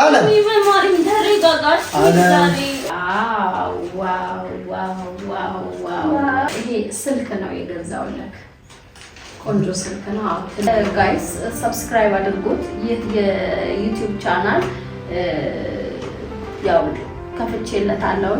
አለ ይሄ ስልክ ነው የገዛውለት። ቆንጆ ስልክ ነው። ጋይስ ሰብስክራይብ አድርጉት ይህ የዩቲዩብ ቻናል ያው ከፍቼለታለሁ።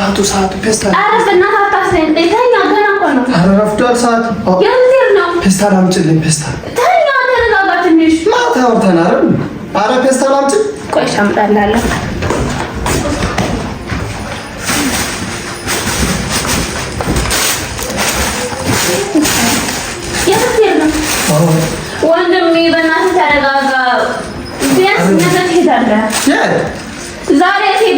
ሰዓቱ ሰዓቱ ፌስታል ረፍዷል። ሰዓት ፌስታል አምጪልኝ። ፌስታል ማታ አውርተን አይደል? ኧረ ፌስታል አምጪ። ቆይ አምጣልሃለሁ። ወንድሜ በእናትህ ተረጋጋ። ቢያንስ ነገ ትሄዳለህ።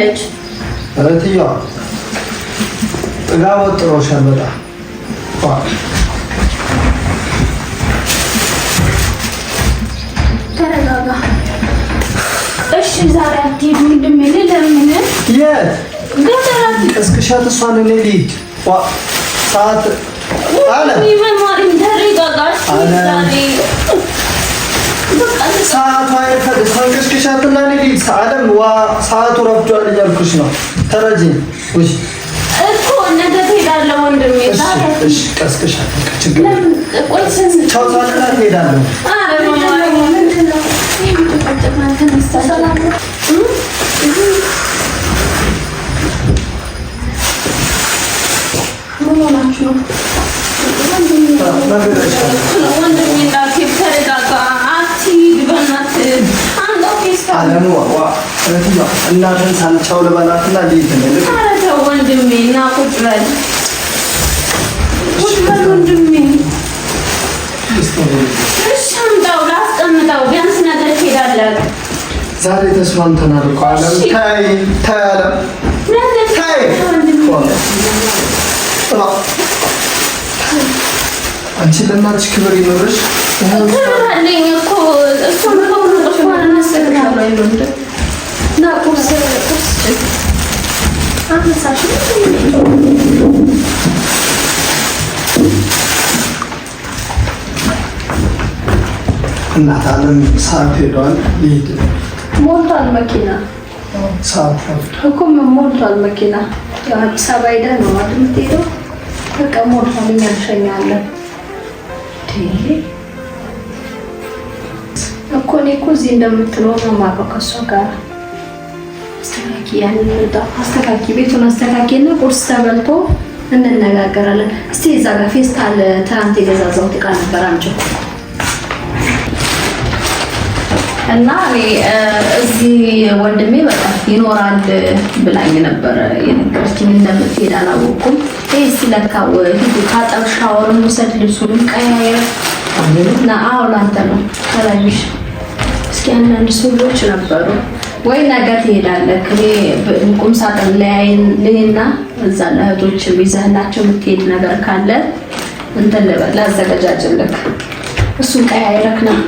ትላለች። እህትዬዋ ጥጋ ወጥሮሻል በጣም ተረጋጋ። እሺ ዛሬ አትሄድ ምንድን ለምን የት እስክሻት እሷን እኔ ሰዓት አለ ሰዓቷ ተንቀሽቅሻትና ልሂድ። አለም ዋ ሰዓቱ ረፍዷል እያልኩሽ ነው። ተረጂ እኮ ነገ ትሄዳለህ ወንድሜ። ቀስቅሻ ቻው ሳልላት እሄዳለሁ ቻው ልበላትና ልሂድ ነው። ኧረ ተው ወንድሜ፣ እና ቁጭ በል ቁጭ በል ወንድሜ። እሺ አምጣው፣ ላስቀምጠው። ቢያንስ ነገር ትሄዳለህ ዛሬ ተስማምተናል እኮ አለም። ተይ ተይ አለም ተይ አንቺ ለእናትሽ ክብር ይኖርሽ። ክብር አለኝ እኮ እሱ እናት አለም ሰዓት ሄዷል። ይሄድ ሞልቷል። መኪና ሰዓት እኮ ሞልቷል። መኪና አዲስ አበባ ሄደ ነው አይደል የምትሄደው? በቃ ሞልቷል። እኛ እንሸኛለን እኮ እኔ እኮ እዚህ እንደምትኖር ነው የማውቀው ከእሷ ጋር አስተካኪ ያንን አስተካኪ ቤቱን አስተካኪ እና ቁርስ ተበልቶ እንነጋገራለን። እስቲ እዛ ጋር ፌስታል ትናንት የገዛዛው ጥቃ ነበር አምጪው እና እዚህ ወንድሜ በቃ ይኖራል ብላኝ ነበር የነገረችኝ። እንደምትሄድ አላወኩም። ይህ ሲለካ ሂዱ ታጠብ፣ ሻወርም ውሰድ፣ ልብሱንም ቀያየር እና አዎ፣ ላንተ ነው ተላዩሽ። እስኪ አንዳንድ ሰዎች ነበሩ ወይ ነገ ትሄዳለህ? ቁም ሳጥን ልሄና እዛ ለእህቶች ይዘህላቸው የምትሄድ ነገር ካለ እንትን ላዘገጃጅልህ። እሱን ቀያይረክ ነው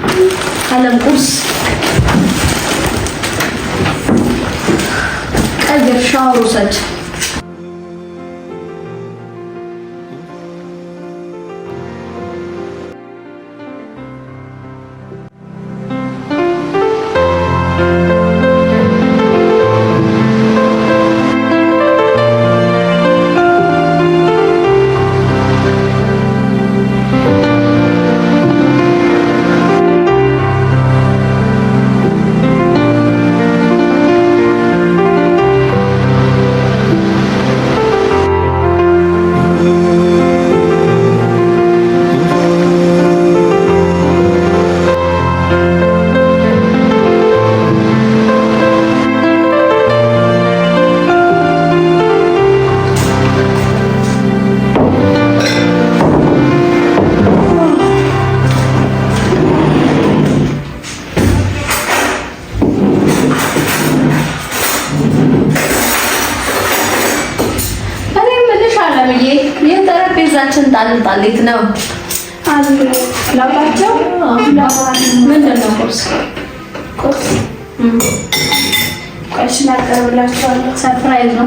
አለም ቁርስ I get olun sadece. ላልጣል የት ነው ላውጣቸው? ምንድን ነው ቁርስ ቁርስ ቆሽ ላቀርብላችኋለሁ። ሰርፕራይዝ ነው።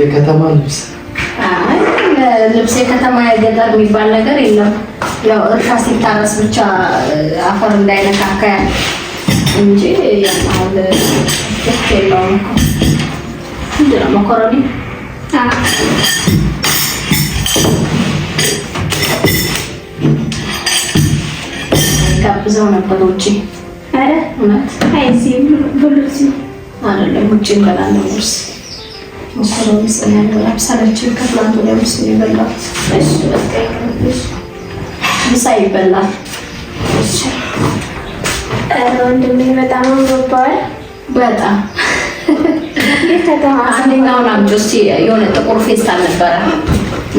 የከተማ ልብስ ልብስ የከተማ የገጠር የሚባል ነገር የለም። ያው እርሻ ሲታረስ ብቻ አፈር እንዳይነካካያል እንጂ የለውም እኮ መኮረኒ ጋብዘው ነበር ውጭ እውነት አይደለም ውጭ እንበላለን ውርስ መኮረኒ ምሳ ይበላል። ወንድሜ በጣም አንጎባል። በጣም አንደኛውን አምጪ እስኪ የሆነ ጥቁር ፌስታል ነበረ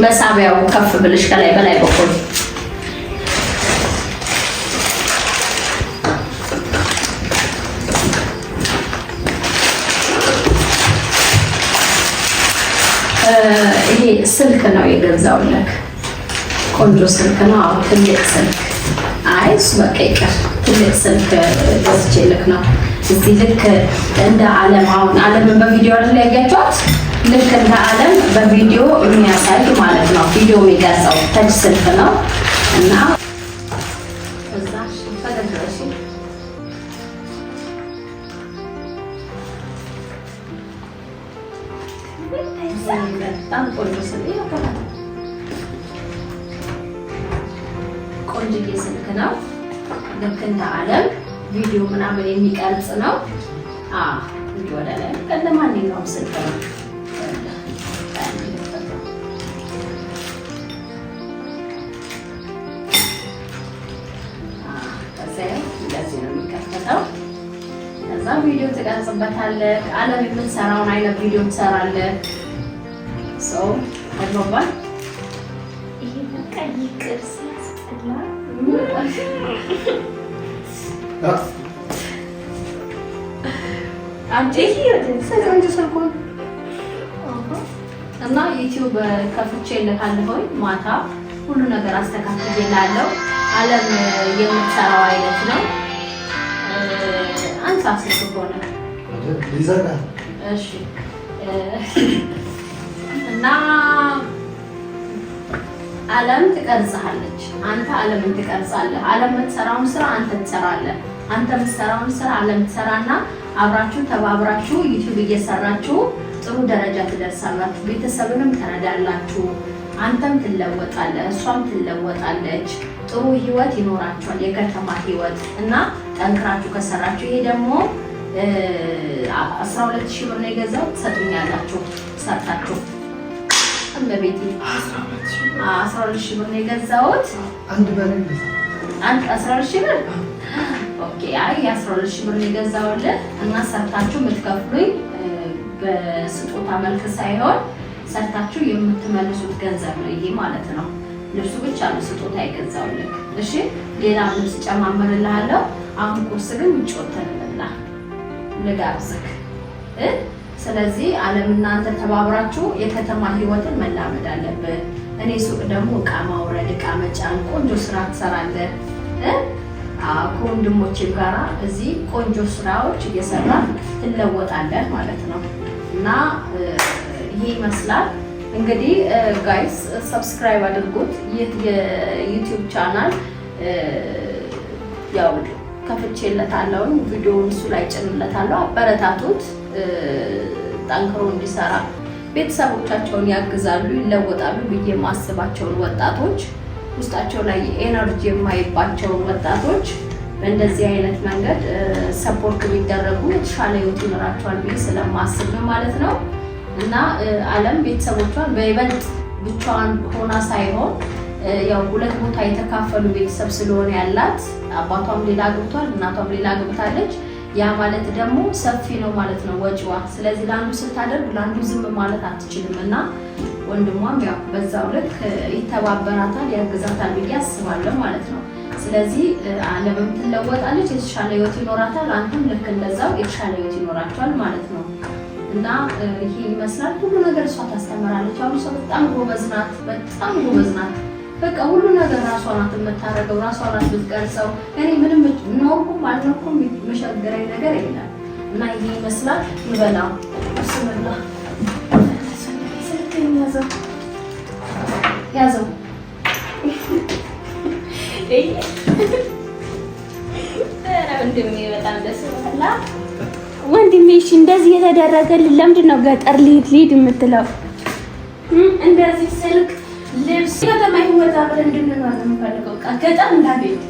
መሳቢያው ከፍ ብልሽ ከላይ በላይ በኩል ስልክ ነው የገዛውልክ። ቆንጆ ስልክ ነው። አዎ ትልቅ ስልክ። አይ እሱ በቃ ይቀር። ትልቅ ስልክ ገዝቼልክ ነው። እዚህ ልክ እንደ ዓለም አሁን ዓለምን በቪዲዮ አይደል ያያችኋት? ልክ እንደ ዓለም በቪዲዮ የሚያሳይ ማለት ነው። ቪዲዮ የሚገዛው ተች ስልክ ነው እና በጣም ቆንጆ ስል ይሆናል። ቆንጆዬ ስልክ ነው። ልክ እንደ ዓለም ቪዲዮ ምናምን የሚቀርጽ ነው። ቪዲዮ ወደ ላይ እንደ ማንኛውም ስልክ ነው። ቪዲዮ ትቀርጽበታለህ። ዓለም የምትሰራውን አይነት ቪዲዮ ትሰራለህ። ሰው አግባባል። እና ዩቲዩብ ከፍቼልሃለሁ ማታ ሁሉ ነገር አስተካክዬልሃለሁ። አለም የምትሰራው አይነት ነው። አንሳ ስልክ ሆነ እና ዓለም ትቀርጽሃለች። አንተ ዓለምን ትቀርጻለህ። ዓለም የምትሰራውን ስራ አንተ ትሰራለህ። አንተ የምትሰራውን ስራ ዓለም ትሰራና አብራችሁ ተባብራችሁ ዩቲዩብ እየሰራችሁ ጥሩ ደረጃ ትደርሳላችሁ። ቤተሰብንም ትረዳላችሁ አንተም ትለወጣለህ፣ እሷም ትለወጣለች። ጥሩ ህይወት ይኖራቸዋል፣ የከተማ ህይወት እና ጠንክራችሁ ከሰራችሁ ይሄ ደግሞ አስራ ሁለት ሺህ ብር ነው የገዛው። ትሰጡኛላችሁ ሰርታችሁ እመቤቴ አስራ ሁለት ሺህ ብር ነው የገዛሁት። አንድ አስራ ሁለት ሺህ ብር ኦኬ። አይ አስራ ሁለት ሺህ ብር ነው የገዛሁልህ እና ሰርታችሁ የምትከፍሉኝ በስጦታ መልክ ሳይሆን ሰርታችሁ የምትመልሱት ገንዘብ ነው ይሄ ማለት ነው። ልብሱ ብቻ ነው ስጦታ የገዛሁልህ። እሺ ሌላ ልብስ ጨማምርልሃለሁ። አሁን ቁርስ ግን ውጭ ወተን እንብላ ልጋብዝህ እ ስለዚህ ዓለም እናንተ ተባብራችሁ የከተማ ህይወትን መላመድ አለብን። እኔ ሱቅ ደግሞ እቃ ማውረድ፣ እቃ መጫን ቆንጆ ስራ ትሰራለህ። ከወንድሞቼ ጋራ እዚህ ቆንጆ ስራዎች እየሰራ ትለወጣለህ ማለት ነው እና ይህ ይመስላል እንግዲህ ጋይስ ሰብስክራይብ አድርጉት። ይህ የዩቲዩብ ቻናል ያው ከፍቼለታለሁ፣ ቪዲዮውን እሱ ላይ ጭንለታለሁ። አበረታቱት። ጠንክሮ እንዲሰራ ቤተሰቦቻቸውን ያግዛሉ፣ ይለወጣሉ ብዬ የማስባቸውን ወጣቶች ውስጣቸው ላይ ኤነርጂ የማይባቸውን ወጣቶች በእንደዚህ አይነት መንገድ ሰፖርት ቢደረጉ የተሻለ ህይወት ይኖራቸዋል ብዬ ስለማስብ ማለት ነው። እና አለም ቤተሰቦቿን በይበልጥ ብቻዋን ሆና ሳይሆን ያው ሁለት ቦታ የተካፈሉ ቤተሰብ ስለሆነ ያላት አባቷም ሌላ ገብቷል እናቷም ሌላ አግብታለች። ያ ማለት ደግሞ ሰፊ ነው ማለት ነው ወጪዋ። ስለዚህ ለአንዱ ስታደርግ ለአንዱ ዝም ማለት አትችልም እና ወንድሟም ያው በዛው ልክ ይተባበራታል፣ ያግዛታል ብዬ አስባለሁ ማለት ነው። ስለዚህ ዓለምም ትለወጣለች፣ የተሻለ ህይወት ይኖራታል። አንተም ልክ እንደዛው የተሻለ ህይወት ይኖራቸዋል ማለት ነው። እና ይሄ ይመስላል ሁሉ ነገር። እሷ ታስተምራለች። አሁን ሰው በጣም ጎበዝ ናት፣ በጣም ጎበዝ ናት። በቃ ሁሉ ነገር ራሷ ናት የምታደርገው፣ ራሷ ናት የምትቀርጸው። እኔ ምንም ኖርኩም አልኖርኩም መሸገረኝ ነገር የለም እና ይህ ይመስላል ይበላ ስምላ ያዘው ወንድሜ እሺ፣ እንደዚህ የተደረገልን ለምንድን ነው ገጠር ልሂድ ሊሄድ የምትለው? እንደዚህ ስልክ ልብስ ከተማ ህይወት አብረን እንድንኖር ነው የምፈልገው። በቃ ገጠር እንዳቤት